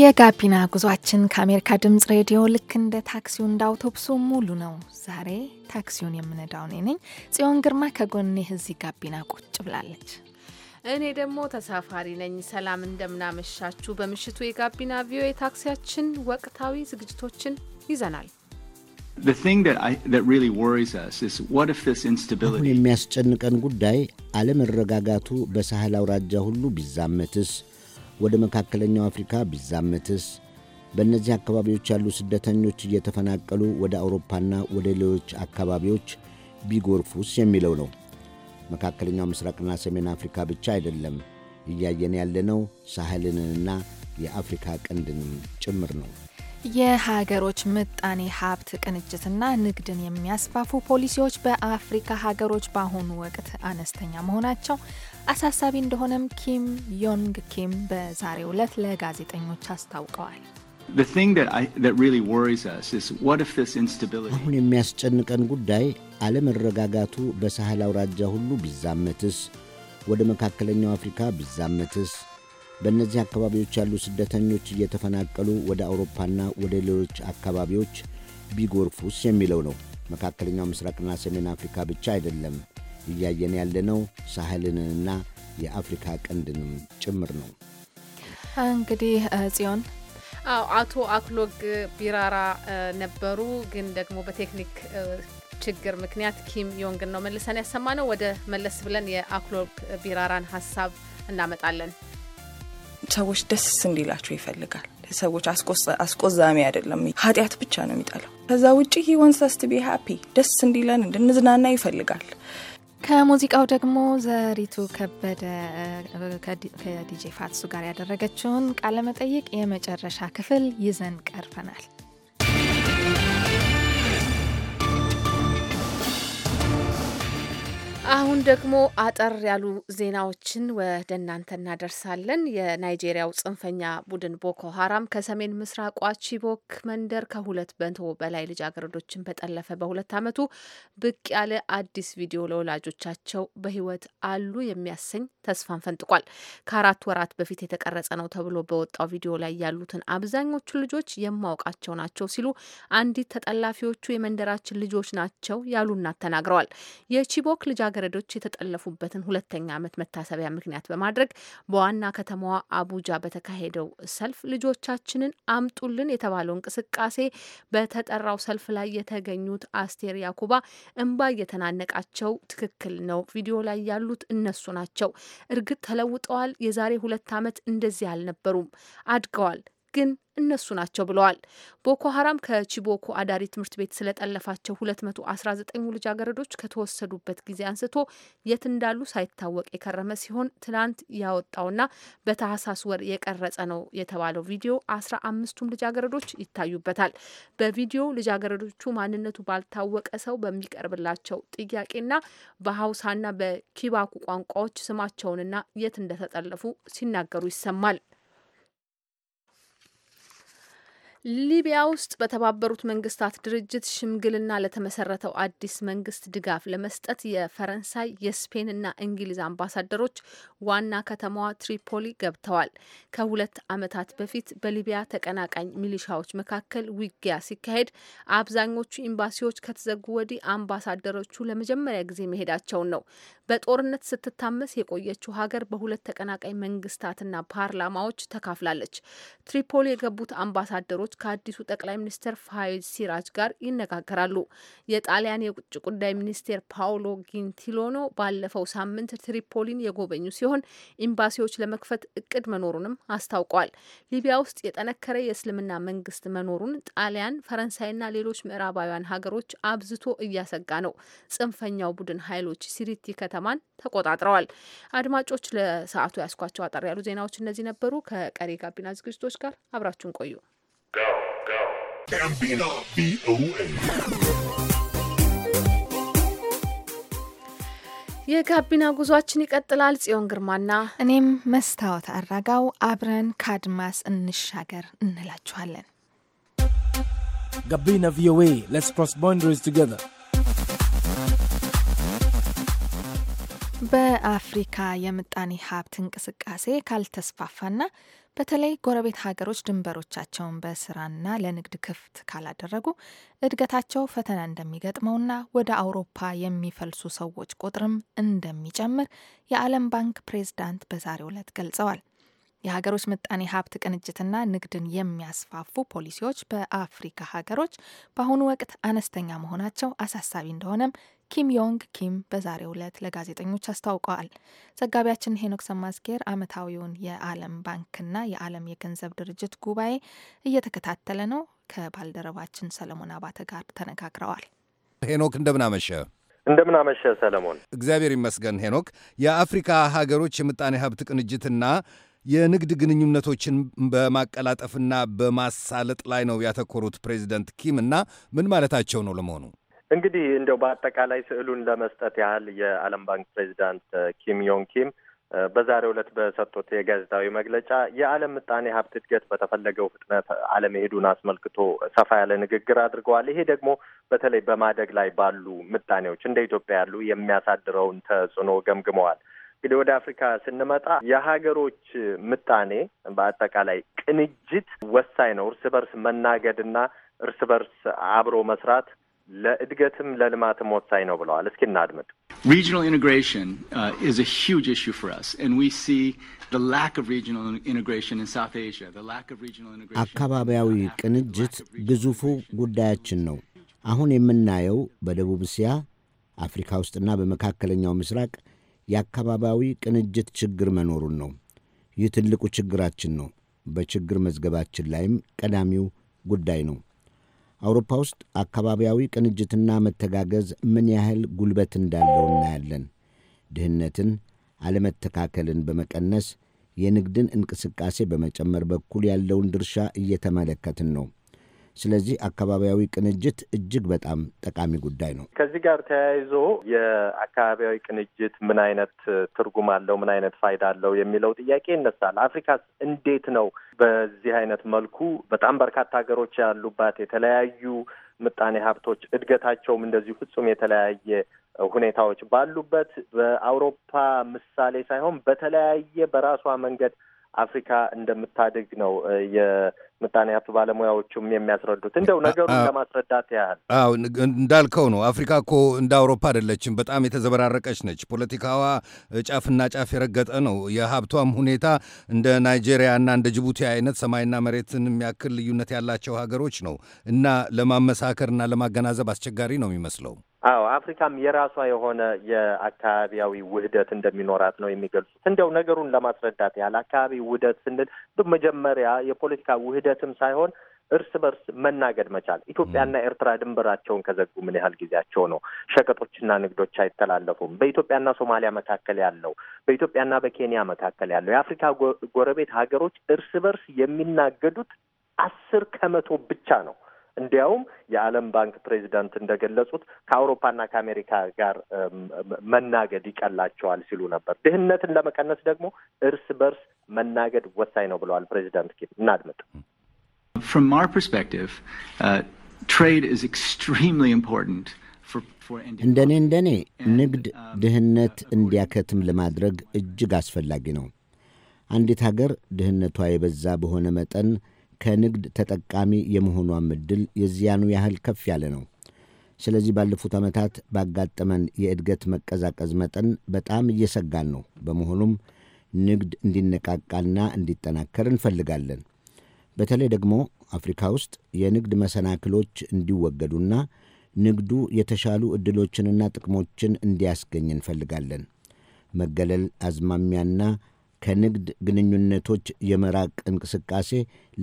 የጋቢና ጉዟችን ከአሜሪካ ድምጽ ሬዲዮ ልክ እንደ ታክሲው እንደ አውቶቡሱ ሙሉ ነው። ዛሬ ታክሲውን የምነዳው እኔ ነኝ ጽዮን ግርማ። ከጎኔ እዚህ ጋቢና ቁጭ ብላለች። እኔ ደግሞ ተሳፋሪ ነኝ። ሰላም እንደምናመሻችሁ። በምሽቱ የጋቢና ቪኦኤ ታክሲያችን ወቅታዊ ዝግጅቶችን ይዘናል። አሁን የሚያስጨንቀን ጉዳይ አለመረጋጋቱ በሳህል አውራጃ ሁሉ ቢዛመትስ ወደ መካከለኛው አፍሪካ ቢዛመትስ በእነዚህ አካባቢዎች ያሉ ስደተኞች እየተፈናቀሉ ወደ አውሮፓና ወደ ሌሎች አካባቢዎች ቢጎርፉስ የሚለው ነው። መካከለኛው ምስራቅና ሰሜን አፍሪካ ብቻ አይደለም እያየን ያለነው ሳህልንንና የአፍሪካ ቀንድንም ጭምር ነው። የሀገሮች ምጣኔ ሀብት ቅንጅትና ንግድን የሚያስፋፉ ፖሊሲዎች በአፍሪካ ሀገሮች በአሁኑ ወቅት አነስተኛ መሆናቸው አሳሳቢ እንደሆነም ኪም ዮንግ ኪም በዛሬው ዕለት ለጋዜጠኞች አስታውቀዋል። አሁን የሚያስጨንቀን ጉዳይ አለመረጋጋቱ በሳህል አውራጃ ሁሉ ቢዛመትስ፣ ወደ መካከለኛው አፍሪካ ቢዛመትስ በእነዚህ አካባቢዎች ያሉ ስደተኞች እየተፈናቀሉ ወደ አውሮፓና ወደ ሌሎች አካባቢዎች ቢጎርፉስ የሚለው ነው። መካከለኛው ምስራቅና ሰሜን አፍሪካ ብቻ አይደለም እያየን ያለነው ሳህልንና የአፍሪካ ቀንድንም ጭምር ነው። እንግዲህ ጽዮን አቶ አክሎግ ቢራራ ነበሩ። ግን ደግሞ በቴክኒክ ችግር ምክንያት ኪም ዮንግን ነው መልሰን ያሰማ ነው። ወደ መለስ ብለን የአክሎግ ቢራራን ሀሳብ እናመጣለን። ሰዎች ደስ እንዲላቸው ይፈልጋል። ሰዎች አስቆዛሚ አይደለም፣ ኃጢአት ብቻ ነው የሚጠላው። ከዛ ውጭ ሂ ወንትስ አስ ቱ ቢ ሃፒ፣ ደስ እንዲለን እንድንዝናና ይፈልጋል። ከሙዚቃው ደግሞ ዘሪቱ ከበደ ከዲጄ ፋትሱ ጋር ያደረገችውን ቃለመጠይቅ የመጨረሻ ክፍል ይዘን ቀርበናል። አሁን ደግሞ አጠር ያሉ ዜናዎችን ወደ እናንተ እናደርሳለን። የናይጄሪያው ጽንፈኛ ቡድን ቦኮ ሀራም ከሰሜን ምስራቋ ቺቦክ መንደር ከሁለት መቶ በላይ ልጃገረዶችን በጠለፈ በሁለት ዓመቱ ብቅ ያለ አዲስ ቪዲዮ ለወላጆቻቸው በሕይወት አሉ የሚያሰኝ ተስፋን ፈንጥቋል። ከአራት ወራት በፊት የተቀረጸ ነው ተብሎ በወጣው ቪዲዮ ላይ ያሉትን አብዛኞቹ ልጆች የማውቃቸው ናቸው ሲሉ አንዲት ተጠላፊዎቹ የመንደራችን ልጆች ናቸው ያሉ እናት ተናግረዋል። የቺቦክ ልጃገ ልጃገረዶች የተጠለፉበትን ሁለተኛ ዓመት መታሰቢያ ምክንያት በማድረግ በዋና ከተማዋ አቡጃ በተካሄደው ሰልፍ ልጆቻችንን አምጡልን የተባለው እንቅስቃሴ በተጠራው ሰልፍ ላይ የተገኙት አስቴር ያኩባ እንባ እየተናነቃቸው ትክክል ነው፣ ቪዲዮ ላይ ያሉት እነሱ ናቸው። እርግጥ ተለውጠዋል። የዛሬ ሁለት ዓመት እንደዚህ አልነበሩም። አድገዋል ግን እነሱ ናቸው ብለዋል። ቦኮ ሀራም ከቺቦኮ አዳሪ ትምህርት ቤት ስለጠለፋቸው 219 ልጃገረዶች ከተወሰዱበት ጊዜ አንስቶ የት እንዳሉ ሳይታወቅ የከረመ ሲሆን ትናንት ያወጣውና በታህሳስ ወር የቀረጸ ነው የተባለው ቪዲዮ አስራ አምስቱም ልጃገረዶች ይታዩበታል። በቪዲዮ ልጃገረዶቹ ማንነቱ ባልታወቀ ሰው በሚቀርብላቸው ጥያቄና በሀውሳና በኪባኩ ቋንቋዎች ስማቸውንና የት እንደተጠለፉ ሲናገሩ ይሰማል። ሊቢያ ውስጥ በተባበሩት መንግስታት ድርጅት ሽምግልና ለተመሰረተው አዲስ መንግስት ድጋፍ ለመስጠት የፈረንሳይ የስፔንና እንግሊዝ አምባሳደሮች ዋና ከተማዋ ትሪፖሊ ገብተዋል። ከሁለት ዓመታት በፊት በሊቢያ ተቀናቃኝ ሚሊሻዎች መካከል ውጊያ ሲካሄድ አብዛኞቹ ኤምባሲዎች ከተዘጉ ወዲህ አምባሳደሮቹ ለመጀመሪያ ጊዜ መሄዳቸውን ነው። በጦርነት ስትታመስ የቆየችው ሀገር በሁለት ተቀናቃይ መንግስታትና ፓርላማዎች ተካፍላለች። ትሪፖሊ የገቡት አምባሳደሮች ከአዲሱ ጠቅላይ ሚኒስትር ፋይዝ ሲራጅ ጋር ይነጋገራሉ። የጣሊያን የውጭ ጉዳይ ሚኒስቴር ፓውሎ ጊንቲሎኖ ባለፈው ሳምንት ትሪፖሊን የጎበኙ ሲሆን ኤምባሲዎች ለመክፈት እቅድ መኖሩንም አስታውቋል። ሊቢያ ውስጥ የጠነከረ የእስልምና መንግስት መኖሩን ጣሊያን፣ ፈረንሳይና ሌሎች ምዕራባውያን ሀገሮች አብዝቶ እያሰጋ ነው። ጽንፈኛው ቡድን ኃይሎች ሲሪቲ ከተማ ከተማን ተቆጣጥረዋል። አድማጮች ለሰዓቱ ያስኳቸው አጠር ያሉ ዜናዎች እነዚህ ነበሩ። ከቀሪ ጋቢና ዝግጅቶች ጋር አብራችሁን ቆዩ። የጋቢና ጉዟችን ይቀጥላል። ጽዮን ግርማና እኔም መስታወት አራጋው አብረን ከአድማስ እንሻገር እንላችኋለን። ጋቢና ቪኦኤ ሌትስ ክሮስ ባውንደሪስ ቱጌዘር በአፍሪካ የምጣኔ ሀብት እንቅስቃሴ ካልተስፋፋና በተለይ ጎረቤት ሀገሮች ድንበሮቻቸውን በስራና ለንግድ ክፍት ካላደረጉ እድገታቸው ፈተና እንደሚገጥመውና ወደ አውሮፓ የሚፈልሱ ሰዎች ቁጥርም እንደሚጨምር የዓለም ባንክ ፕሬዝዳንት በዛሬው ዕለት ገልጸዋል። የሀገሮች ምጣኔ ሀብት ቅንጅትና ንግድን የሚያስፋፉ ፖሊሲዎች በአፍሪካ ሀገሮች በአሁኑ ወቅት አነስተኛ መሆናቸው አሳሳቢ እንደሆነም ኪም ዮንግ ኪም በዛሬው ዕለት ለጋዜጠኞች አስታውቀዋል። ዘጋቢያችን ሄኖክ ሰማዝጌር ዓመታዊውን የዓለም ባንክና የዓለም የገንዘብ ድርጅት ጉባኤ እየተከታተለ ነው። ከባልደረባችን ሰለሞን አባተ ጋር ተነጋግረዋል። ሄኖክ እንደምናመሸ እንደምናመሸ ሰለሞን። እግዚአብሔር ይመስገን ሄኖክ። የአፍሪካ ሀገሮች የምጣኔ ሀብት ቅንጅትና የንግድ ግንኙነቶችን በማቀላጠፍና በማሳለጥ ላይ ነው ያተኮሩት ፕሬዚደንት ኪም እና ምን ማለታቸው ነው ለመሆኑ? እንግዲህ እንደው በአጠቃላይ ስዕሉን ለመስጠት ያህል የዓለም ባንክ ፕሬዚዳንት ኪም ዮን ኪም በዛሬው ዕለት በሰጡት የጋዜጣዊ መግለጫ የዓለም ምጣኔ ሀብት እድገት በተፈለገው ፍጥነት አለመሄዱን አስመልክቶ ሰፋ ያለ ንግግር አድርገዋል። ይሄ ደግሞ በተለይ በማደግ ላይ ባሉ ምጣኔዎች እንደ ኢትዮጵያ ያሉ የሚያሳድረውን ተጽዕኖ ገምግመዋል። እንግዲህ ወደ አፍሪካ ስንመጣ የሀገሮች ምጣኔ በአጠቃላይ ቅንጅት ወሳኝ ነው። እርስ በርስ መናገድና እርስ በርስ አብሮ መስራት ለእድገትም ለልማትም ወሳኝ ነው ብለዋል። እስኪ እናድምጥ። ሪጂናል ኢንቴግሬሽን ኢዝ አ ሂውጅ ኢሹ ፎር አስ ኤንድ ዊ ሲ አካባቢያዊ ቅንጅት ግዙፉ ጉዳያችን ነው። አሁን የምናየው በደቡብ እስያ፣ አፍሪካ ውስጥና በመካከለኛው ምስራቅ የአካባቢያዊ ቅንጅት ችግር መኖሩን ነው። ይህ ትልቁ ችግራችን ነው። በችግር መዝገባችን ላይም ቀዳሚው ጉዳይ ነው። አውሮፓ ውስጥ አካባቢያዊ ቅንጅትና መተጋገዝ ምን ያህል ጉልበት እንዳለው እናያለን። ድህነትን፣ አለመተካከልን በመቀነስ የንግድን እንቅስቃሴ በመጨመር በኩል ያለውን ድርሻ እየተመለከትን ነው። ስለዚህ አካባቢያዊ ቅንጅት እጅግ በጣም ጠቃሚ ጉዳይ ነው። ከዚህ ጋር ተያይዞ የአካባቢያዊ ቅንጅት ምን አይነት ትርጉም አለው፣ ምን አይነት ፋይዳ አለው የሚለው ጥያቄ ይነሳል። አፍሪካስ እንዴት ነው በዚህ አይነት መልኩ በጣም በርካታ ሀገሮች ያሉባት የተለያዩ ምጣኔ ሀብቶች እድገታቸውም እንደዚሁ ፍጹም የተለያየ ሁኔታዎች ባሉበት በአውሮፓ ምሳሌ ሳይሆን በተለያየ በራሷ መንገድ አፍሪካ እንደምታድግ ነው የምጣኔ ሀብት ባለሙያዎቹም የሚያስረዱት። እንደው ነገሩን ለማስረዳት ያህል አዎ፣ እንዳልከው ነው። አፍሪካ እኮ እንደ አውሮፓ አይደለችም። በጣም የተዘበራረቀች ነች። ፖለቲካዋ ጫፍና ጫፍ የረገጠ ነው። የሀብቷም ሁኔታ እንደ ናይጄሪያና እንደ ጅቡቲ አይነት ሰማይና መሬትን የሚያክል ልዩነት ያላቸው ሀገሮች ነው እና ለማመሳከርና ለማገናዘብ አስቸጋሪ ነው የሚመስለው። አዎ አፍሪካም የራሷ የሆነ የአካባቢያዊ ውህደት እንደሚኖራት ነው የሚገልጹት። እንደው ነገሩን ለማስረዳት ያህል አካባቢ ውህደት ስንል መጀመሪያ የፖለቲካ ውህደትም ሳይሆን እርስ በርስ መናገድ መቻል። ኢትዮጵያና ኤርትራ ድንበራቸውን ከዘጉ ምን ያህል ጊዜያቸው ነው? ሸቀጦችና ንግዶች አይተላለፉም። በኢትዮጵያና ሶማሊያ መካከል ያለው፣ በኢትዮጵያና በኬንያ መካከል ያለው የአፍሪካ ጎረቤት ሀገሮች እርስ በርስ የሚናገዱት አስር ከመቶ ብቻ ነው። እንዲያውም የዓለም ባንክ ፕሬዚዳንት እንደገለጹት ከአውሮፓና ከአሜሪካ ጋር መናገድ ይቀላቸዋል ሲሉ ነበር። ድህነትን ለመቀነስ ደግሞ እርስ በርስ መናገድ ወሳኝ ነው ብለዋል ፕሬዚዳንት ኪም። እናድምጥ። From our perspective, uh, trade is extremely important. እንደ እኔ እንደ እኔ ንግድ uh, ድህነት እንዲያከትም ለማድረግ እጅግ አስፈላጊ ነው። አንዲት ሀገር ድህነቷ የበዛ በሆነ መጠን ከንግድ ተጠቃሚ የመሆኗም ዕድል የዚያኑ ያህል ከፍ ያለ ነው። ስለዚህ ባለፉት ዓመታት ባጋጠመን የእድገት መቀዛቀዝ መጠን በጣም እየሰጋን ነው። በመሆኑም ንግድ እንዲነቃቃና እንዲጠናከር እንፈልጋለን። በተለይ ደግሞ አፍሪካ ውስጥ የንግድ መሰናክሎች እንዲወገዱና ንግዱ የተሻሉ ዕድሎችንና ጥቅሞችን እንዲያስገኝ እንፈልጋለን። መገለል አዝማሚያና ከንግድ ግንኙነቶች የመራቅ እንቅስቃሴ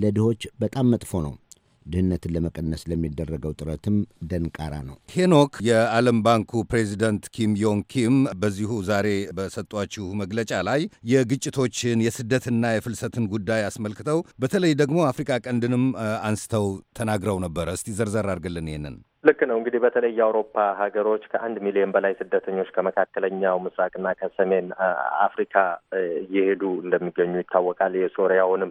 ለድሆች በጣም መጥፎ ነው። ድህነትን ለመቀነስ ለሚደረገው ጥረትም ደንቃራ ነው። ሄኖክ፣ የዓለም ባንኩ ፕሬዚደንት ኪም ዮንግ ኪም በዚሁ ዛሬ በሰጧችሁ መግለጫ ላይ የግጭቶችን የስደትና የፍልሰትን ጉዳይ አስመልክተው በተለይ ደግሞ አፍሪካ ቀንድንም አንስተው ተናግረው ነበረ። እስቲ ዘርዘር አድርግልን ይህንን ልክ ነው እንግዲህ በተለይ የአውሮፓ ሀገሮች ከአንድ ሚሊዮን በላይ ስደተኞች ከመካከለኛው ምስራቅና ከሰሜን አፍሪካ እየሄዱ እንደሚገኙ ይታወቃል። የሶሪያውንም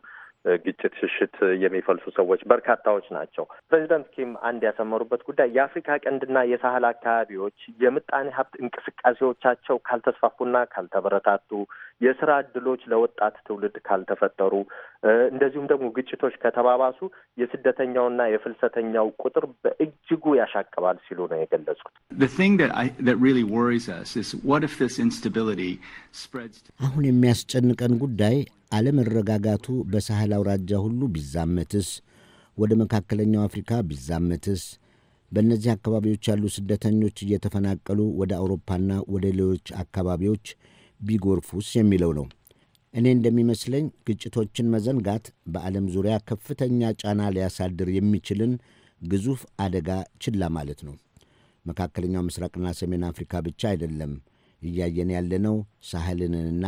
ግጭት ሽሽት የሚፈልሱ ሰዎች በርካታዎች ናቸው። ፕሬዚደንት ኪም አንድ ያሰመሩበት ጉዳይ የአፍሪካ ቀንድና የሳህል አካባቢዎች የምጣኔ ሀብት እንቅስቃሴዎቻቸው ካልተስፋፉና ካልተበረታቱ የስራ እድሎች ለወጣት ትውልድ ካልተፈጠሩ፣ እንደዚሁም ደግሞ ግጭቶች ከተባባሱ የስደተኛውና የፍልሰተኛው ቁጥር በእጅጉ ያሻቅባል ሲሉ ነው የገለጹት። አሁን የሚያስጨንቀን ጉዳይ አለመረጋጋቱ በሳህል አውራጃ ሁሉ ቢዛመትስ፣ ወደ መካከለኛው አፍሪካ ቢዛመትስ፣ በእነዚህ አካባቢዎች ያሉ ስደተኞች እየተፈናቀሉ ወደ አውሮፓና ወደ ሌሎች አካባቢዎች ቢጎርፉስ የሚለው ነው። እኔ እንደሚመስለኝ ግጭቶችን መዘንጋት በዓለም ዙሪያ ከፍተኛ ጫና ሊያሳድር የሚችልን ግዙፍ አደጋ ችላ ማለት ነው። መካከለኛው ምስራቅና ሰሜን አፍሪካ ብቻ አይደለም እያየን ያለነው ሳህልንንና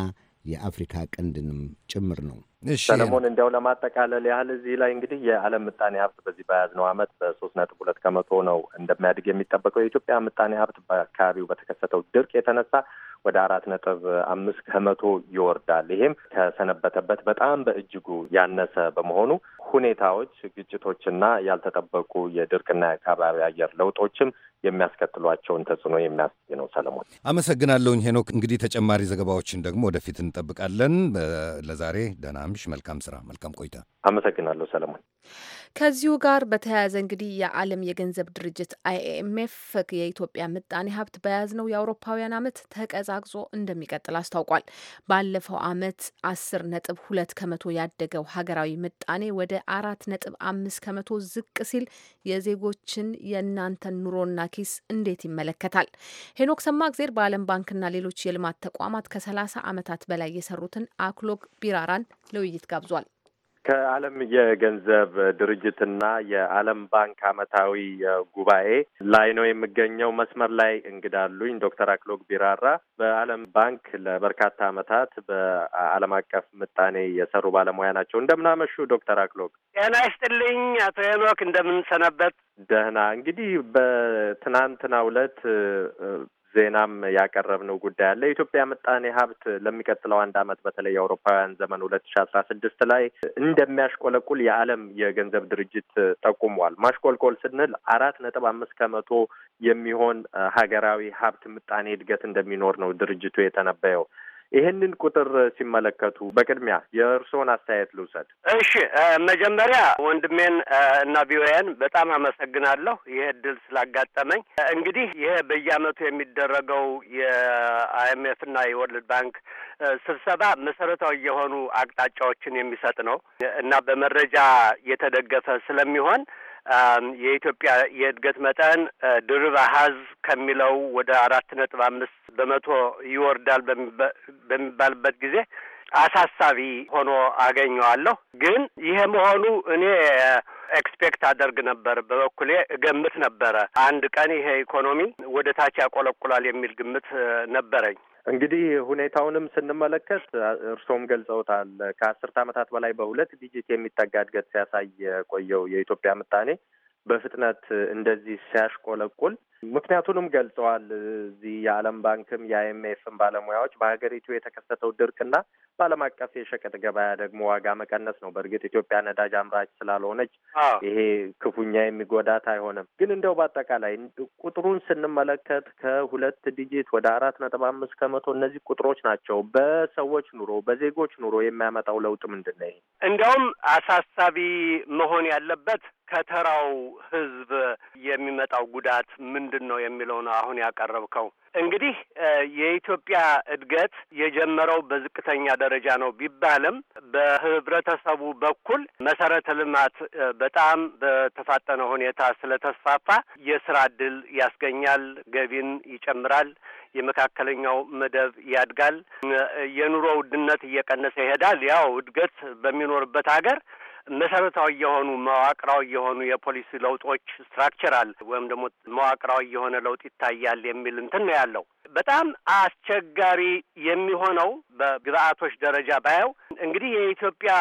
የአፍሪካ ቀንድንም ጭምር ነው። ሰለሞን፣ እንዲያው ለማጠቃለል ያህል እዚህ ላይ እንግዲህ የዓለም ምጣኔ ሀብት በዚህ በያዝነው ዓመት በሶስት ነጥብ ሁለት ከመቶ ነው እንደሚያድግ የሚጠበቀው። የኢትዮጵያ ምጣኔ ሀብት በአካባቢው በተከሰተው ድርቅ የተነሳ ወደ አራት ነጥብ አምስት ከመቶ ይወርዳል። ይሄም ከሰነበተበት በጣም በእጅጉ ያነሰ በመሆኑ ሁኔታዎች፣ ግጭቶችና ያልተጠበቁ የድርቅና የአካባቢ አየር ለውጦችም የሚያስከትሏቸውን ተጽዕኖ የሚያሳይ ነው። ሰለሞን አመሰግናለሁኝ። ሄኖክ እንግዲህ ተጨማሪ ዘገባዎችን ደግሞ ወደፊት እንጠብቃለን። ለዛሬ ደህና ሳምሽ፣ መልካም ስራ፣ መልካም ቆይታ። አመሰግናለሁ ሰለሞን። ከዚሁ ጋር በተያያዘ እንግዲህ የዓለም የገንዘብ ድርጅት አይኤምኤፍ የኢትዮጵያ ምጣኔ ሀብት በያዝነው የአውሮፓውያን ዓመት ተቀዛቅዞ እንደሚቀጥል አስታውቋል። ባለፈው ዓመት አስር ነጥብ ሁለት ከመቶ ያደገው ሀገራዊ ምጣኔ ወደ አራት ነጥብ አምስት ከመቶ ዝቅ ሲል የዜጎችን የእናንተን ኑሮና ኪስ እንዴት ይመለከታል? ሄኖክ ሰማእግዜር በዓለም ባንክና ሌሎች የልማት ተቋማት ከሰላሳ ዓመታት በላይ የሰሩትን አክሎግ ቢራራን ለውይይት ጋብዟል። ከዓለም የገንዘብ ድርጅትና የዓለም ባንክ አመታዊ ጉባኤ ላይ ነው የምገኘው። መስመር ላይ እንግዳሉኝ ዶክተር አክሎግ ቢራራ በዓለም ባንክ ለበርካታ አመታት በዓለም አቀፍ ምጣኔ የሰሩ ባለሙያ ናቸው። እንደምናመሹ ዶክተር አክሎግ። ጤና ይስጥልኝ አቶ ሄኖክ እንደምንሰነበት። ደህና እንግዲህ በትናንትናው ዕለት ዜናም ያቀረብነው ጉዳይ አለ። የኢትዮጵያ ምጣኔ ሀብት ለሚቀጥለው አንድ ዓመት በተለይ የአውሮፓውያን ዘመን ሁለት ሺ አስራ ስድስት ላይ እንደሚያሽቆለቁል የዓለም የገንዘብ ድርጅት ጠቁሟል። ማሽቆልቆል ስንል አራት ነጥብ አምስት ከመቶ የሚሆን ሀገራዊ ሀብት ምጣኔ እድገት እንደሚኖር ነው ድርጅቱ የተነበየው። ይህንን ቁጥር ሲመለከቱ በቅድሚያ የእርስዎን አስተያየት ልውሰድ። እሺ፣ መጀመሪያ ወንድሜን እና ቪኦኤን በጣም አመሰግናለሁ ይህ እድል ስላጋጠመኝ። እንግዲህ ይሄ በየአመቱ የሚደረገው የአይኤምኤፍ እና የወርልድ ባንክ ስብሰባ መሰረታዊ የሆኑ አቅጣጫዎችን የሚሰጥ ነው እና በመረጃ የተደገፈ ስለሚሆን የኢትዮጵያ የእድገት መጠን ድርብ አሀዝ ከሚለው ወደ አራት ነጥብ አምስት በመቶ ይወርዳል በሚባልበት ጊዜ አሳሳቢ ሆኖ አገኘዋለሁ። ግን ይሄ መሆኑ እኔ ኤክስፔክት አደርግ ነበር፣ በበኩሌ እገምት ነበረ። አንድ ቀን ይሄ ኢኮኖሚ ወደ ታች ያቆለቁላል የሚል ግምት ነበረኝ። እንግዲህ ሁኔታውንም ስንመለከት እርስዎም ገልጸውታል። ከአስርት ዓመታት በላይ በሁለት ዲጂት የሚጠጋ እድገት ሲያሳይ የቆየው የኢትዮጵያ ምጣኔ በፍጥነት እንደዚህ ሲያሽቆለቁል ምክንያቱንም ገልጸዋል። እዚህ የዓለም ባንክም የአይኤምኤፍም ባለሙያዎች በሀገሪቱ የተከሰተው ድርቅና በዓለም አቀፍ የሸቀጥ ገበያ ደግሞ ዋጋ መቀነስ ነው። በእርግጥ ኢትዮጵያ ነዳጅ አምራች ስላልሆነች ይሄ ክፉኛ የሚጎዳት አይሆንም። ግን እንደው በአጠቃላይ ቁጥሩን ስንመለከት ከሁለት ዲጂት ወደ አራት ነጥብ አምስት ከመቶ እነዚህ ቁጥሮች ናቸው። በሰዎች ኑሮ፣ በዜጎች ኑሮ የሚያመጣው ለውጥ ምንድን ነው? ይሄ እንዲያውም አሳሳቢ መሆን ያለበት ከተራው ህዝብ የሚመጣው ጉዳት ምንድን ነው የሚለው ነው አሁን ያቀረብከው። እንግዲህ የኢትዮጵያ እድገት የጀመረው በዝቅተኛ ደረጃ ነው ቢባልም በህብረተሰቡ በኩል መሰረተ ልማት በጣም በተፋጠነ ሁኔታ ስለተስፋፋ የስራ እድል ያስገኛል፣ ገቢን ይጨምራል፣ የመካከለኛው መደብ ያድጋል፣ የኑሮ ውድነት እየቀነሰ ይሄዳል። ያው እድገት በሚኖርበት ሀገር መሰረታዊ የሆኑ መዋቅራዊ የሆኑ የፖሊሲ ለውጦች ስትራክቸራል ወይም ደግሞ መዋቅራዊ የሆነ ለውጥ ይታያል የሚል እንትን ነው ያለው። በጣም አስቸጋሪ የሚሆነው በግብአቶች ደረጃ ባየው እንግዲህ የኢትዮጵያ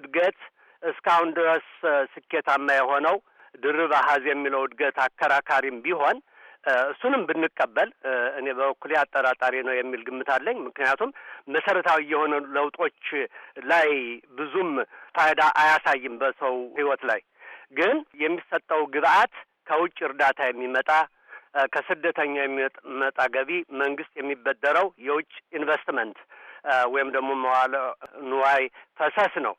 እድገት እስካሁን ድረስ ስኬታማ የሆነው ድርብ አሀዝ የሚለው እድገት አከራካሪም ቢሆን እሱንም ብንቀበል እኔ በበኩሌ አጠራጣሪ ነው የሚል ግምት አለኝ። ምክንያቱም መሰረታዊ የሆነ ለውጦች ላይ ብዙም ፋይዳ አያሳይም በሰው ህይወት ላይ ግን የሚሰጠው ግብአት ከውጭ እርዳታ የሚመጣ ከስደተኛ የሚመጣ ገቢ፣ መንግስት የሚበደረው የውጭ ኢንቨስትመንት ወይም ደግሞ መዋለ ንዋይ ፈሰስ ነው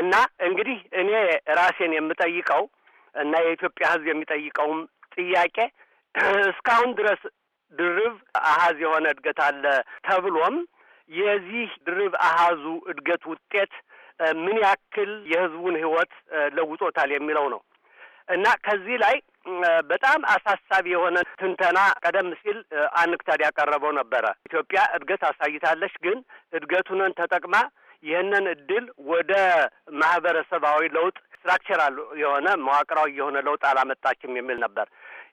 እና እንግዲህ እኔ ራሴን የምጠይቀው እና የኢትዮጵያ ህዝብ የሚጠይቀውም ጥያቄ እስካሁን ድረስ ድርብ አሀዝ የሆነ እድገት አለ ተብሎም የዚህ ድርብ አሀዙ እድገት ውጤት ምን ያክል የህዝቡን ህይወት ለውጦታል የሚለው ነው እና ከዚህ ላይ በጣም አሳሳቢ የሆነ ትንተና ቀደም ሲል አንክታድ ያቀረበው ነበረ። ኢትዮጵያ እድገት አሳይታለች፣ ግን እድገቱንን ተጠቅማ ይህንን እድል ወደ ማህበረሰባዊ ለውጥ ስትራክቸራል የሆነ መዋቅራዊ የሆነ ለውጥ አላመጣችም የሚል ነበር።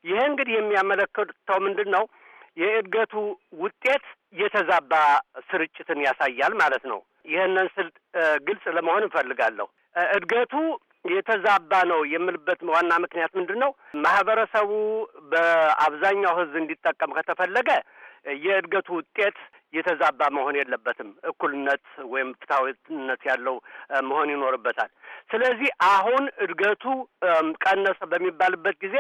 ይህ እንግዲህ የሚያመለክተው ምንድን ነው? የእድገቱ ውጤት የተዛባ ስርጭትን ያሳያል ማለት ነው። ይህንን ስል ግልጽ ለመሆን እንፈልጋለሁ። እድገቱ የተዛባ ነው የምልበት ዋና ምክንያት ምንድን ነው? ማህበረሰቡ በአብዛኛው ህዝብ እንዲጠቀም ከተፈለገ የእድገቱ ውጤት የተዛባ መሆን የለበትም። እኩልነት ወይም ፍትሐዊነት ያለው መሆን ይኖርበታል። ስለዚህ አሁን እድገቱ ቀነሰ በሚባልበት ጊዜ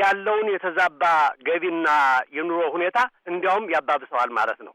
ያለውን የተዛባ ገቢና የኑሮ ሁኔታ እንዲያውም ያባብሰዋል ማለት ነው።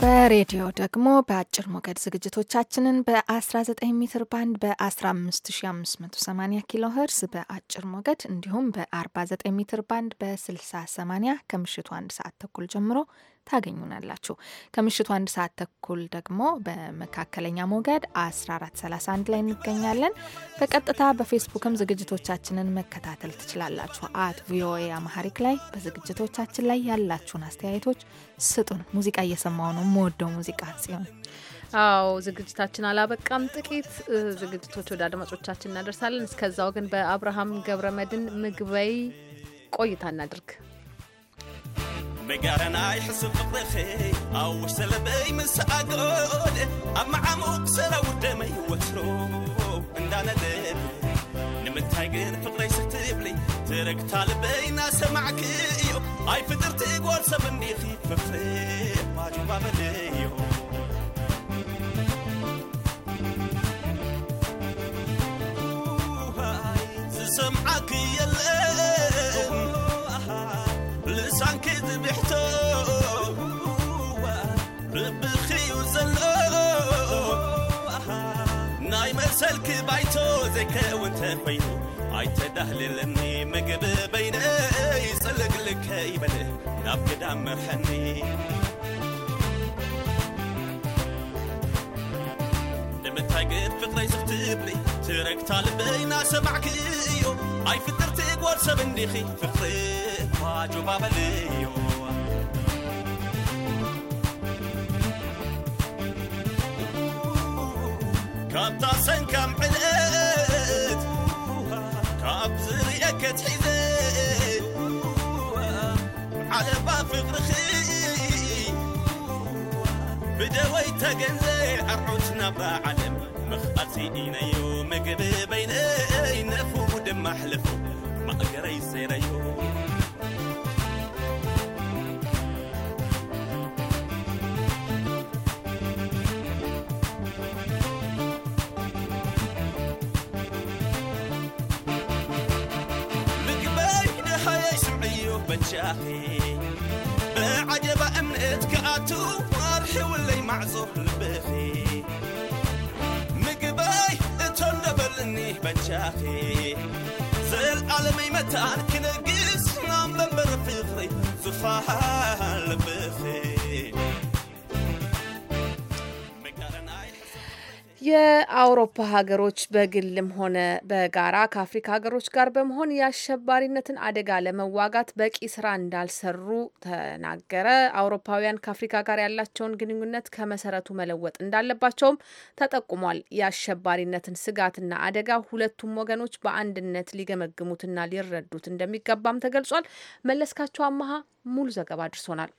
በሬዲዮ ደግሞ በአጭር ሞገድ ዝግጅቶቻችንን በ19 ሜትር ባንድ በ15580 ኪሎ ሄርስ በአጭር ሞገድ እንዲሁም በ49 ሜትር ባንድ በ6080 ከምሽቱ አንድ ሰዓት ተኩል ጀምሮ ታገኙናላችሁ። ከምሽቱ አንድ ሰዓት ተኩል ደግሞ በመካከለኛ ሞገድ 1431 ላይ እንገኛለን። በቀጥታ በፌስቡክም ዝግጅቶቻችንን መከታተል ትችላላችሁ። አት ቪኦኤ አማሐሪክ ላይ በዝግጅቶቻችን ላይ ያላችሁን አስተያየቶች ስጡን። ሙዚቃ እየሰማው ነው መወደው ሙዚቃ ሲሆን አዎ ዝግጅታችን አላበቃም። ጥቂት ዝግጅቶች ወደ አድማጮቻችን እናደርሳለን። እስከዛው ግን በአብርሃም ገብረመድን ምግበይ ቆይታ እናድርግ። اي يحسب بضيخي او سلبي من ساقود اما عموق سرا ودمي وشروب اندانا دب نمتاي قير فقري سكتبلي ترك طالبي ناس معك ايو اي فدرتي قول سبني خيف ففري باجو ما بديو سمعك يلا لسان كذب يحتوم رب ناي زكا وانت بينو تدهل لني مقب بيني لك يبني فقري زغتبلي تركت على بينا سمعك يو أي فترت إقوال سبندخي في الطريق واجو بابا ليو كاب تاسن كام علقت كاب زريك تحيزت على باب فقرخي بدوي تقنزي عرعوتنا علم مخقاتي إينيو مقبي بين نفو ما أحلفو ما أقري سيريو بجاهي بعجب أمنتك أتو فرحي واللي معزوف لبخي بنشافي زلالم يمتان كنقيس نام بمرفي فري زفاها لبفي የአውሮፓ ሀገሮች በግልም ሆነ በጋራ ከአፍሪካ ሀገሮች ጋር በመሆን የአሸባሪነትን አደጋ ለመዋጋት በቂ ስራ እንዳልሰሩ ተናገረ። አውሮፓውያን ከአፍሪካ ጋር ያላቸውን ግንኙነት ከመሰረቱ መለወጥ እንዳለባቸውም ተጠቁሟል። የአሸባሪነትን ስጋትና አደጋ ሁለቱም ወገኖች በአንድነት ሊገመግሙትና ሊረዱት እንደሚገባም ተገልጿል። መለስካቸው አመሀ ሙሉ ዘገባ አድርሶናል።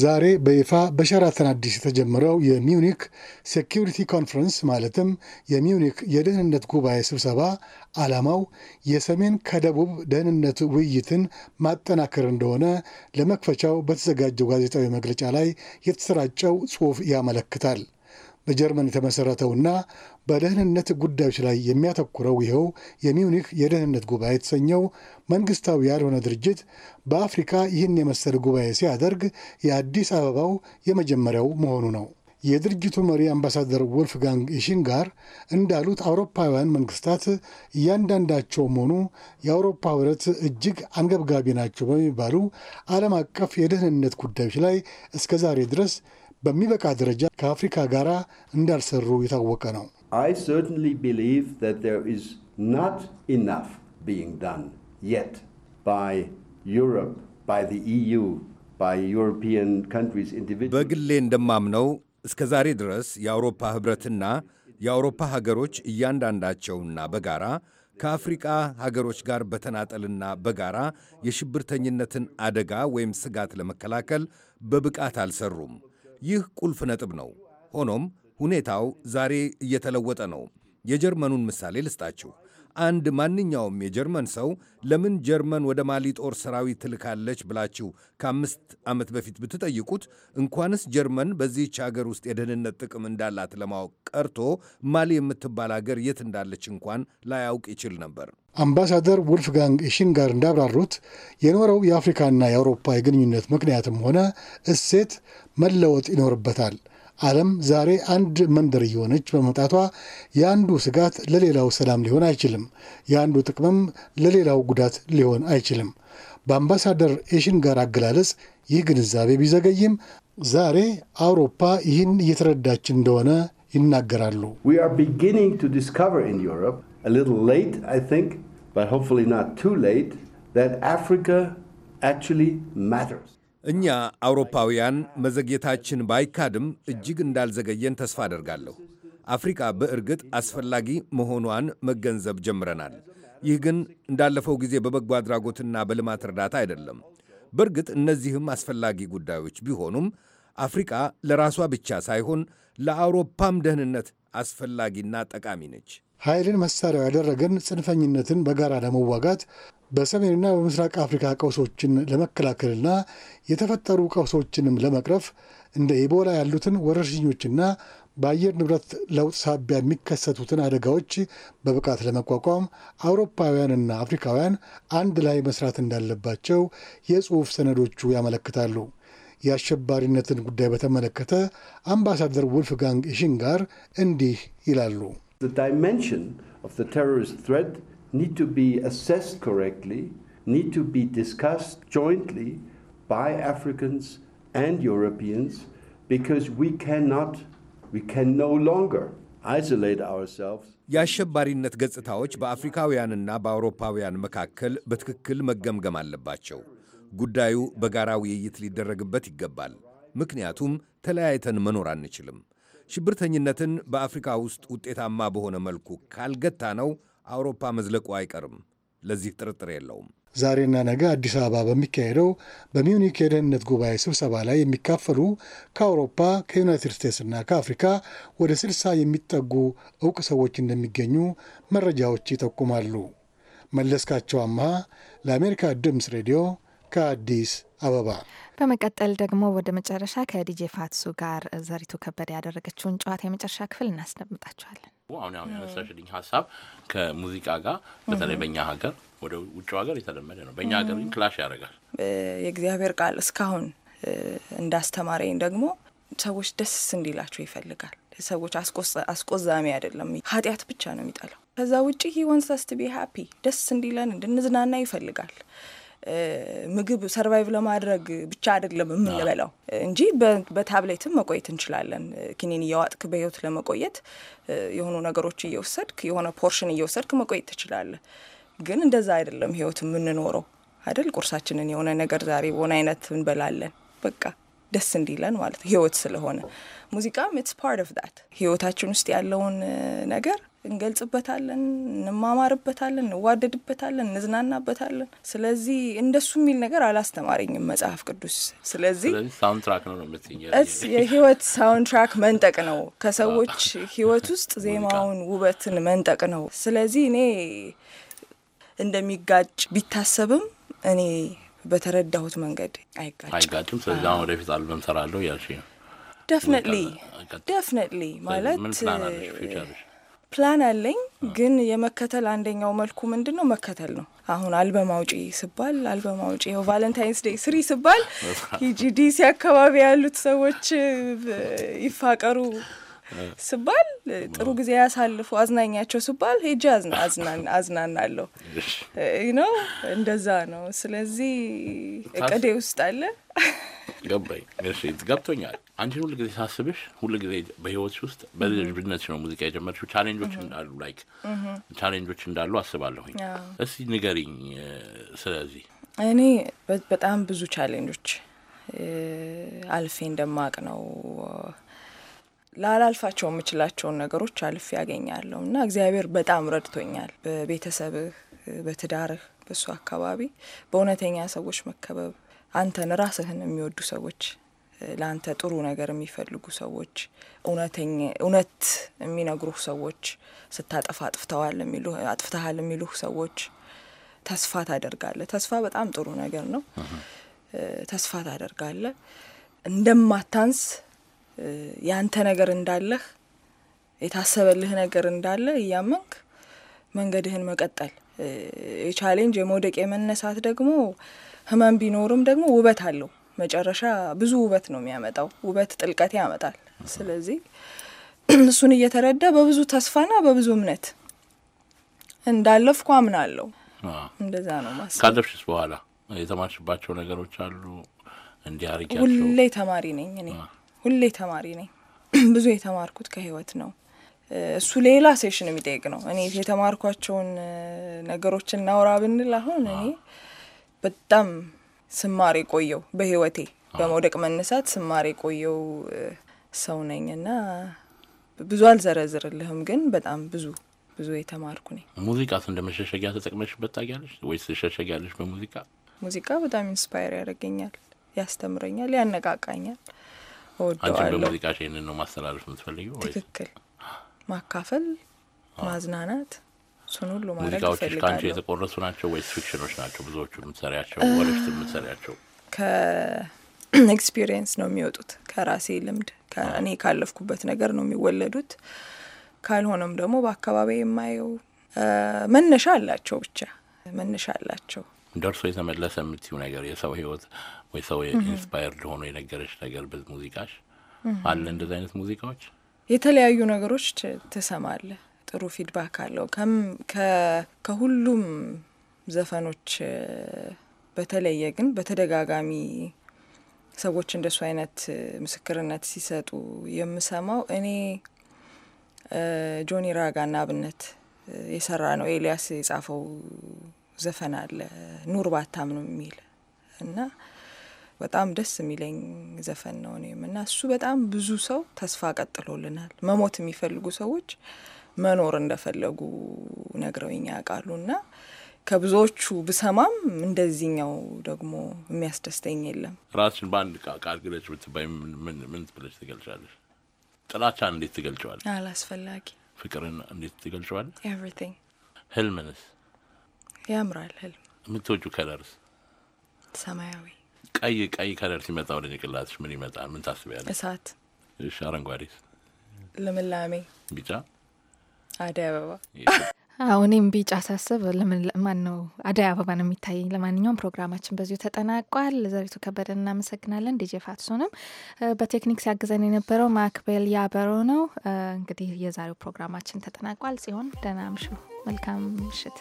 ዛሬ በይፋ በሸራተን አዲስ የተጀመረው የሚዩኒክ ሴኪሪቲ ኮንፈረንስ ማለትም የሚዩኒክ የደህንነት ጉባኤ ስብሰባ ዓላማው የሰሜን ከደቡብ ደህንነት ውይይትን ማጠናከር እንደሆነ ለመክፈቻው በተዘጋጀው ጋዜጣዊ መግለጫ ላይ የተሰራጨው ጽሑፍ ያመለክታል። በጀርመን የተመሠረተውና በደህንነት ጉዳዮች ላይ የሚያተኩረው ይኸው የሚውኒክ የደህንነት ጉባኤ የተሰኘው መንግስታዊ ያልሆነ ድርጅት በአፍሪካ ይህን የመሰለ ጉባኤ ሲያደርግ የአዲስ አበባው የመጀመሪያው መሆኑ ነው። የድርጅቱ መሪ አምባሳደር ወልፍጋንግ ኢሽንጋር እንዳሉት አውሮፓውያን መንግስታት እያንዳንዳቸውም ሆኑ የአውሮፓ ህብረት እጅግ አንገብጋቢ ናቸው በሚባሉ ዓለም አቀፍ የደህንነት ጉዳዮች ላይ እስከ ዛሬ ድረስ በሚበቃ ደረጃ ከአፍሪካ ጋር እንዳልሰሩ የታወቀ ነው። e በግሌ እንደማምነው እስከ ዛሬ ድረስ የአውሮፓ ኅብረትና የአውሮፓ ሀገሮች እያንዳንዳቸውና በጋራ ከአፍሪቃ ሀገሮች ጋር በተናጠልና በጋራ የሽብርተኝነትን አደጋ ወይም ስጋት ለመከላከል በብቃት አልሰሩም። ይህ ቁልፍ ነጥብ ነው። ሆኖም ሁኔታው ዛሬ እየተለወጠ ነው። የጀርመኑን ምሳሌ ልስጣችሁ። አንድ ማንኛውም የጀርመን ሰው ለምን ጀርመን ወደ ማሊ ጦር ሰራዊት ትልካለች ብላችሁ ከአምስት ዓመት በፊት ብትጠይቁት እንኳንስ ጀርመን በዚህች ሀገር ውስጥ የደህንነት ጥቅም እንዳላት ለማወቅ ቀርቶ ማሊ የምትባል ሀገር የት እንዳለች እንኳን ላያውቅ ይችል ነበር። አምባሳደር ውልፍጋንግ ኢሽንጋር እንዳብራሩት የኖረው የአፍሪካና የአውሮፓ የግንኙነት ምክንያትም ሆነ እሴት መለወጥ ይኖርበታል። ዓለም ዛሬ አንድ መንደር እየሆነች በመምጣቷ የአንዱ ስጋት ለሌላው ሰላም ሊሆን አይችልም፣ የአንዱ ጥቅምም ለሌላው ጉዳት ሊሆን አይችልም። በአምባሳደር ጋር አገላለጽ ይህ ግንዛቤ ቢዘገይም ዛሬ አውሮፓ ይህን እየተረዳች እንደሆነ ይናገራሉ። አፍሪካ እኛ አውሮፓውያን መዘግየታችን ባይካድም እጅግ እንዳልዘገየን ተስፋ አደርጋለሁ። አፍሪካ በእርግጥ አስፈላጊ መሆኗን መገንዘብ ጀምረናል። ይህ ግን እንዳለፈው ጊዜ በበጎ አድራጎትና በልማት እርዳታ አይደለም። በእርግጥ እነዚህም አስፈላጊ ጉዳዮች ቢሆኑም አፍሪቃ ለራሷ ብቻ ሳይሆን ለአውሮፓም ደህንነት አስፈላጊና ጠቃሚ ነች። ኃይልን መሳሪያው ያደረገን ጽንፈኝነትን በጋራ ለመዋጋት በሰሜንና በምስራቅ አፍሪካ ቀውሶችን ለመከላከልና የተፈጠሩ ቀውሶችንም ለመቅረፍ እንደ ኢቦላ ያሉትን ወረርሽኞችና በአየር ንብረት ለውጥ ሳቢያ የሚከሰቱትን አደጋዎች በብቃት ለመቋቋም አውሮፓውያንና አፍሪካውያን አንድ ላይ መስራት እንዳለባቸው የጽሑፍ ሰነዶቹ ያመለክታሉ። የአሸባሪነትን ጉዳይ በተመለከተ አምባሳደር ጋንግ ሽንጋር እንዲህ ይላሉ። need to be assessed correctly, need to be discussed jointly by Africans and Europeans, because we cannot, we can no longer isolate ourselves. የአሸባሪነት ገጽታዎች በአፍሪካውያንና በአውሮፓውያን መካከል በትክክል መገምገም አለባቸው። ጉዳዩ በጋራ ውይይት ሊደረግበት ይገባል። ምክንያቱም ተለያይተን መኖር አንችልም። ሽብርተኝነትን በአፍሪካ ውስጥ ውጤታማ በሆነ መልኩ ካልገታ ነው አውሮፓ መዝለቁ አይቀርም። ለዚህ ጥርጥር የለውም። ዛሬና ነገ አዲስ አበባ በሚካሄደው በሚዩኒክ የደህንነት ጉባኤ ስብሰባ ላይ የሚካፈሉ ከአውሮፓ ከዩናይትድ ስቴትስና ከአፍሪካ ወደ ስልሳ የሚጠጉ እውቅ ሰዎች እንደሚገኙ መረጃዎች ይጠቁማሉ። መለስካቸው አምሃ ለአሜሪካ ድምፅ ሬዲዮ ከአዲስ አበባ። በመቀጠል ደግሞ ወደ መጨረሻ ከዲጄ ፋትሱ ጋር ዘሪቱ ከበደ ያደረገችውን ጨዋታ የመጨረሻ ክፍል እናስደምጣችኋለን። አሁን ያው ያነሳሽልኝ ሀሳብ ከሙዚቃ ጋር በተለይ በእኛ ሀገር ወደ ውጭ ሀገር የተለመደ ነው። በእኛ ሀገር ግን ክላሽ ያደርጋል። የእግዚአብሔር ቃል እስካሁን እንዳስተማረኝ ደግሞ ሰዎች ደስ እንዲላቸው ይፈልጋል። ሰዎች አስቆዛሚ አይደለም፣ ኃጢአት ብቻ ነው የሚጠላው። ከዛ ውጭ ሂ ወንትስ አስ ቱ ቢ ሃፒ ደስ እንዲለን እንድንዝናና ይፈልጋል። ምግብ ሰርቫይቭ ለማድረግ ብቻ አይደለም የምንበላው እንጂ በታብሌትም መቆየት እንችላለን። ኪኒን እያዋጥክ በህይወት ለመቆየት የሆኑ ነገሮች እየወሰድክ የሆነ ፖርሽን እየወሰድክ መቆየት ትችላለህ። ግን እንደዛ አይደለም ህይወት የምንኖረው አይደል? ቁርሳችንን የሆነ ነገር ዛሬ በሆነ አይነት እንበላለን በቃ ደስ እንዲለን ማለት ነው። ህይወት ስለሆነ ሙዚቃም ኢትስ ፓርት ኦፍ ዳት ህይወታችን ውስጥ ያለውን ነገር እንገልጽበታለን፣ እንማማርበታለን፣ እንዋደድበታለን፣ እንዝናናበታለን። ስለዚህ እንደሱ የሚል ነገር አላስተማረኝም መጽሐፍ ቅዱስ። ስለዚህ ሳውንትራክ ነው የህይወት ሳውንትራክ መንጠቅ ነው፣ ከሰዎች ህይወት ውስጥ ዜማውን፣ ውበትን መንጠቅ ነው። ስለዚህ እኔ እንደሚጋጭ ቢታሰብም እኔ በተረዳሁት መንገድ አይጋጭም። ስለዚ አሁን ወደፊት አልበም ሰራለሁ እያልሽ ነው? ደፍነትሊ ደፍነትሊ ማለት ፕላን uh, አለኝ። ግን የመከተል አንደኛው መልኩ ምንድን ነው? መከተል ነው። አሁን አልበም አውጪ ስባል አልበም አውጪ ው ቫለንታይንስ ዴይ ስሪ ስባል ጂዲሲ አካባቢ ያሉት ሰዎች uh, ይፋቀሩ ስባል ጥሩ ጊዜ ያሳልፉ አዝናኛቸው ስባል ሄጄ አዝናናለሁ ነው። እንደዛ ነው። ስለዚህ እቅዴ ውስጥ አለ። ገባይ እሺ፣ ገብቶኛል። አንቺን ሁሉ ጊዜ ሳስብሽ ሁሉ ጊዜ በህይወት ውስጥ በልጅነት ነው ሙዚቃ የጀመርሽ ቻሌንጆች እንዳሉ ላይክ ቻሌንጆች እንዳሉ አስባለሁኝ። እስቲ ንገሪኝ። ስለዚህ እኔ በጣም ብዙ ቻሌንጆች አልፌ እንደማቅ ነው ላላልፋቸው የምችላቸውን ነገሮች አልፍ ያገኛለሁ እና እግዚአብሔር በጣም ረድቶኛል። በቤተሰብህ፣ በትዳርህ፣ በሱ አካባቢ በእውነተኛ ሰዎች መከበብ፣ አንተን ራስህን የሚወዱ ሰዎች፣ ለአንተ ጥሩ ነገር የሚፈልጉ ሰዎች፣ እውነት የሚነግሩህ ሰዎች፣ ስታጠፋ አጥፍተዋል አጥፍተሃል የሚሉህ ሰዎች ተስፋ ታደርጋለህ። ተስፋ በጣም ጥሩ ነገር ነው። ተስፋ ታደርጋለህ እንደማታንስ ያንተ ነገር እንዳለህ የታሰበልህ ነገር እንዳለ እያመንክ መንገድህን መቀጠል የቻሌንጅ የመውደቅ የመነሳት ደግሞ ህመም ቢኖርም ደግሞ ውበት አለው። መጨረሻ ብዙ ውበት ነው የሚያመጣው። ውበት ጥልቀት ያመጣል። ስለዚህ እሱን እየተረዳ በብዙ ተስፋና በብዙ እምነት እንዳለፍኩ አምናለሁ። እንደዛ ነው ማስ ካለፍሽስ በኋላ የተማርሽባቸው ነገሮች አሉ? እንዲህ አርጊያቸው። ሁሌ ተማሪ ነኝ እኔ ሁሌ ተማሪ ነኝ። ብዙ የተማርኩት ከህይወት ነው። እሱ ሌላ ሴሽን የሚጠይቅ ነው። እኔ የተማርኳቸውን ነገሮች እናውራ ብንል አሁን እኔ በጣም ስማር የቆየው በህይወቴ በመውደቅ መነሳት ስማር የቆየው ሰው ነኝ እና ብዙ አልዘረዝርልህም፣ ግን በጣም ብዙ ብዙ የተማርኩ ነኝ። ሙዚቃስ እንደ መሸሸጊያ ተጠቅመሽበት ታውቂያለሽ ወይስ ትሸሸጊያለሽ በሙዚቃ? ሙዚቃ በጣም ኢንስፓየር ያደርገኛል፣ ያስተምረኛል፣ ያነቃቃኛል። አንቺም በሙዚቃሽ ይህንን ነው ማስተላለፍ የምትፈልጊ? ትክክል። ማካፈል፣ ማዝናናት እሱን ሁሉ ማድረግ ሙዚቃዎችሽ ከአንቺ የተቆረሱ ናቸው ወይስ ፊክሽኖች ናቸው? ብዙዎቹ የምትሰሪያቸው ወደፊት የምትሰሪያቸው ከኤክስፒሪየንስ ነው የሚወጡት፣ ከራሴ ልምድ እኔ ካለፍኩበት ነገር ነው የሚወለዱት። ካልሆነም ደግሞ በአካባቢ የማየው መነሻ አላቸው። ብቻ መነሻ አላቸው። ደርሶ የተመለሰ የምትዩ ነገር የሰው ህይወት ወይ ሰው ኢንስፓየርድ ሆኖ የነገረች ነገር በሙዚቃሽ አለ? እንደዚህ አይነት ሙዚቃዎች የተለያዩ ነገሮች ትሰማለ ጥሩ ፊድባክ አለው ከሁሉም ዘፈኖች በተለየ ግን በተደጋጋሚ ሰዎች እንደሱ አይነት ምስክርነት ሲሰጡ የምሰማው እኔ ጆኒ ራጋና አብነት የሰራ ነው ኤልያስ የጻፈው ዘፈን አለ ኑር ባታምንም የሚል እና በጣም ደስ የሚለኝ ዘፈን ነው እኔም እና እሱ በጣም ብዙ ሰው ተስፋ ቀጥሎልናል። መሞት የሚፈልጉ ሰዎች መኖር እንደፈለጉ ነግረውኝ ያውቃሉ እና ከብዙዎቹ ብሰማም እንደዚህኛው ደግሞ የሚያስደስተኝ የለም። ራስሽን በአንድ ቃል ግለጭ ብትባይ ምን ብለሽ ትገልጫለሽ? ጥላቻን እንዴት ትገልጨዋለሽ? አላስፈላጊ ፍቅርን እንዴት ትገልጨዋለሽ? ኤቭሪቲንግ። ህልምንስ? ያምራል ህልም። የምትወጁ ከለርስ? ሰማያዊ ቀይ ቀይ ከለር ሲመጣ ወደ ጭንቅላትሽ ምን ይመጣል? ምን ታስቢያለሽ? እሳት። እሺ፣ አረንጓዴስ? ልምላሜ። ቢጫ አደይ አበባ። አዎ እኔም ቢጫ ሳስብ ማን ነው አደይ አበባ ነው የሚታየኝ። ለማንኛውም ፕሮግራማችን በዚሁ ተጠናቋል። ዘሪቱ ከበደን እናመሰግናለን። ዲጄ ፋትሶንም በቴክኒክ ሲያግዘን የነበረው ማክቤል ያበሮ ነው። እንግዲህ የዛሬው ፕሮግራማችን ተጠናቋል። ጽሆን ደህና መልካም ምሽት።